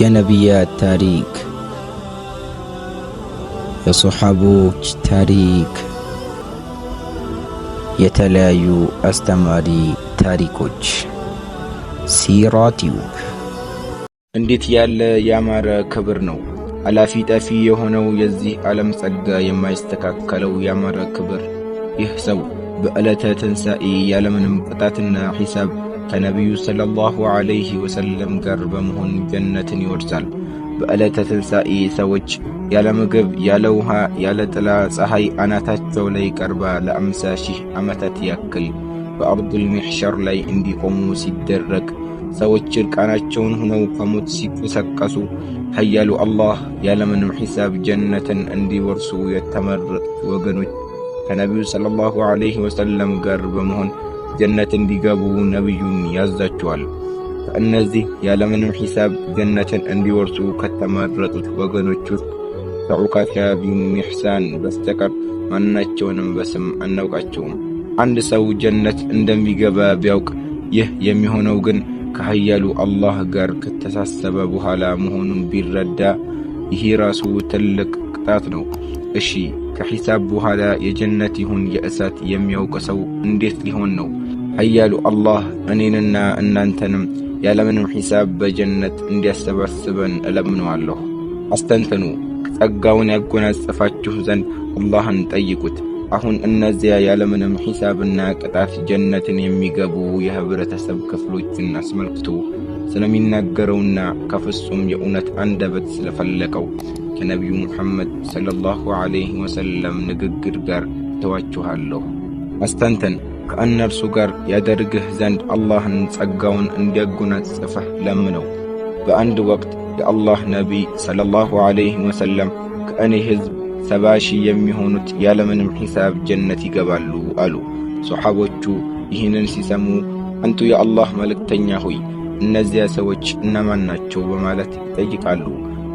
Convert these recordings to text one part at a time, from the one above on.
የነቢያት ታሪክ፣ የሶሓቦች ታሪክ፣ የተለያዩ አስተማሪ ታሪኮች። ሲራ እንዴት ያለ ያማረ ክብር ነው! አላፊ ጠፊ የሆነው የዚህ ዓለም ጸጋ የማይስተካከለው ያማረ ክብር! ይህ ሰው በዕለተ ትንሣኤ ያለምንም ቅጣትና ሒሳብ ከነቢዩ ሰለላሁ ዐለይሂ ወሰለም ጋር በመሆን ጀነትን ይወርሳል። በዕለተ ትንሣኤ ሰዎች ያለ ምግብ፣ ያለ ውሃ፣ ያለ ጥላ ፀሐይ አናታቸው ላይ ቀርባ ለአምሳ ሺህ ዓመታት ያክል በአርዱል ሚሕሸር ላይ እንዲቆሙ ሲደረግ ሰዎች እርቃናቸውን ሆነው ከሞት ሲቀሰቀሱ ኃያሉ አላህ ያለምንም ሒሳብ ጀነትን እንዲወርሱ የተመረጡ ወገኖች ከነቢዩ ሰለላሁ ዐለይሂ ወሰለም ጋር በመሆን ጀነት እንዲገቡ ነቢዩን ያዛቸዋል። ከእነዚህ ያለምንም ሒሳብ ጀነትን እንዲወርሱ ከተመረጡት ወገኖች ውስጥ ከዑካሻ ቢን በስተቀር ማናቸውንም በስም አናውቃቸውም። አንድ ሰው ጀነት እንደሚገባ ቢያውቅ ይህ የሚሆነው ግን ከኃያሉ አላህ ጋር ከተሳሰበ በኋላ መሆኑን ቢረዳ ይህ ራሱ ትልቅ ማምጣት ነው። እሺ ከሒሳብ በኋላ የጀነት ይሁን የእሳት የሚያውቅ ሰው እንዴት ሊሆን ነው? ኃያሉ አላህ እኔንና እናንተንም ያለምንም ሒሳብ በጀነት እንዲያሰባስበን እለምነዋለሁ። አስተንትኑ፣ ጸጋውን ያጎናጸፋችሁ ዘንድ አላህን ጠይቁት። አሁን እነዚያ ያለምንም ሒሳብና ቅጣት ጀነትን የሚገቡ የህብረተሰብ ክፍሎችን አስመልክቶ ስለሚናገረውና ከፍጹም የእውነት አንደበት ስለፈለቀው ከነቢዩ ሙሐመድ ሰለላሁ ዐለይሂ ወሰለም ንግግር ጋር ተዋችኋለሁ። አስተንተን ከእነርሱ ጋር ያደርግህ ዘንድ አላህን ጸጋውን እንዲያጎናጽፈህ ለምነው። በአንድ ወቅት የአላህ ነቢይ ሰለላሁ ዐለይሂ ወሰለም ከእኔ ሕዝብ ሰባ ሺህ የሚሆኑት ያለምንም ሒሳብ ጀነት ይገባሉ አሉ። ሶሓቦቹ ይህንን ሲሰሙ አንቱ የአላህ መልእክተኛ ሆይ እነዚያ ሰዎች እነማን ናቸው? በማለት ይጠይቃሉ።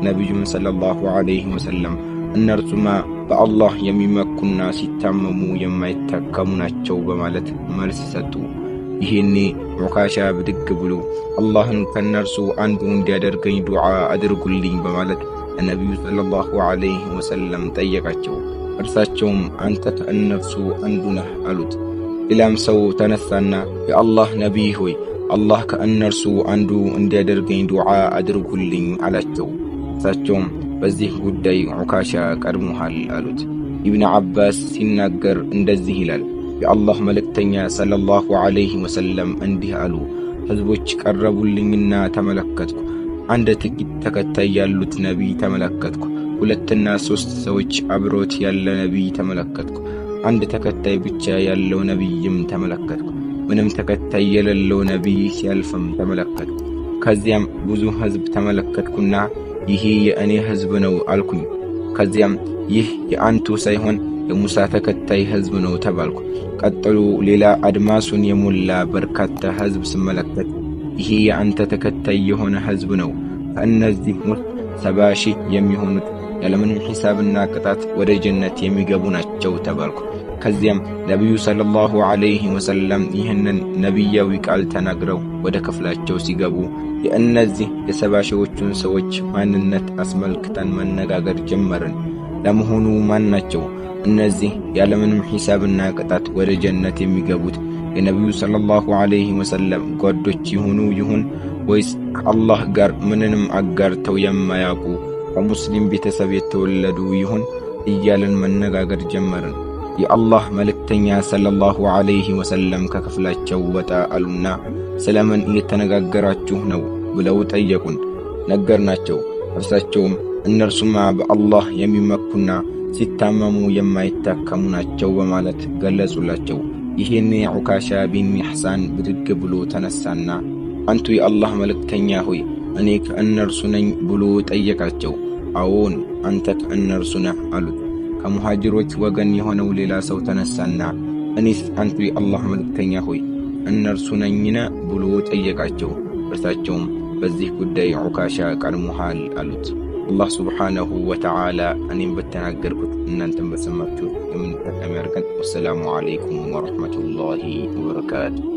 ነቢዩም ሰለላሁ ዐለይሂ ወሰለም እነርሱማ በአላህ የሚመኩና ሲታመሙ የማይታከሙ ናቸው በማለት መልስ ሰጡ። ይሄኔ ዑካሻ ብድግ ብሎ አላህን ከእነርሱ አንዱ እንዲያደርገኝ ዱዓ አድርጉልኝ በማለት ነቢዩ ሰለላሁ ዐለይሂ ወሰለም ጠየቃቸው። እርሳቸውም አንተ ከእነርሱ አንዱ ነህ አሉት። ሌላም ሰው ተነሳና የአላህ ነቢይ ሆይ አላህ ከእነርሱ አንዱ እንዲያደርገኝ ዱዓ አድርጉልኝ አላቸው። እሳቸውም በዚህ ጉዳይ ዑካሻ ቀድሞሃል አሉት። ኢብን ዓባስ ሲናገር እንደዚህ ይላል፣ የአላህ መልእክተኛ ሰለላሁ ዐለይሂ ወሰለም እንዲህ አሉ፣ ሕዝቦች ቀረቡልኝና ተመለከትኩ። አንድ ጥቂት ተከታይ ያሉት ነቢይ ተመለከትኩ። ሁለትና ሦስት ሰዎች አብሮት ያለ ነቢይ ተመለከትኩ። አንድ ተከታይ ብቻ ያለው ነቢይም ተመለከትኩ። ምንም ተከታይ የሌለው ነቢይ ሲያልፍም ተመለከትኩ። ከዚያም ብዙ ሕዝብ ተመለከትኩና ይሄ የእኔ ሕዝብ ነው አልኩኝ። ከዚያም ይህ የአንቱ ሳይሆን የሙሳ ተከታይ ሕዝብ ነው ተባልኩ። ቀጥሎ ሌላ አድማሱን የሞላ በርካታ ሕዝብ ስመለከት ይሄ የአንተ ተከታይ የሆነ ሕዝብ ነው። ከእነዚህ ውስጥ ሰባ ሺህ የሚሆኑት ያለምንም ሒሳብና ቅጣት ወደ ጀነት የሚገቡ ናቸው ተባልኩ። ከዚያም ነቢዩ ሰለላሁ ዐለይሂ ወሰለም ይህንን ነቢያዊ ቃል ተናግረው ወደ ክፍላቸው ሲገቡ የእነዚህ የሰባ ሺዎቹን ሰዎች ማንነት አስመልክተን መነጋገር ጀመርን። ለመሆኑ ማን ናቸው እነዚህ ያለምንም ሒሳብና ቅጣት ወደ ጀነት የሚገቡት? የነቢዩ ሰለላሁ ዐለይሂ ወሰለም ጓዶች ይሆኑ ይሁን ወይስ ከአላህ ጋር ምንንም አጋርተው የማያውቁ ከሙስሊም ቤተሰብ የተወለዱ ይሁን እያለን መነጋገር ጀመርን። የአላህ መልእክተኛ ሰለላሁ ዐለይሂ ወሰለም ከክፍላቸው ወጣ አሉና ስለምን እየተነጋገራችሁ ነው ብለው ጠየቁን። ነገርናቸው። እርሳቸውም እነርሱማ በአላህ የሚመኩና ሲታመሙ የማይታከሙ ናቸው በማለት ገለጹላቸው። ይህን ዑካሻ ቢን ኢሕሳን ብድግ ብሎ ተነሳና አንቱ የአላህ መልእክተኛ ሆይ እኔ ከእነርሱ ነኝ ብሎ ጠየቃቸው። አዎን አንተ ከእነርሱ ነህ አሉት። ከሙሃጅሮች ወገን የሆነው ሌላ ሰው ተነሳና እኔስ አንቱ የአላህ መልእክተኛ ሆይ እነርሱ ነኝነ ብሎ ጠየቃቸው። እርሳቸውም በዚህ ጉዳይ ዑካሻ ቀድሞሃል አሉት። አላህ ስብሓነሁ ወተዓላ እኔም በተናገርኩት እናንተም በሰማችሁ የምንጠቀም ያድርገን። ወሰላሙ ዓለይኩም ወረሕመቱላሂ ወበረካቱ።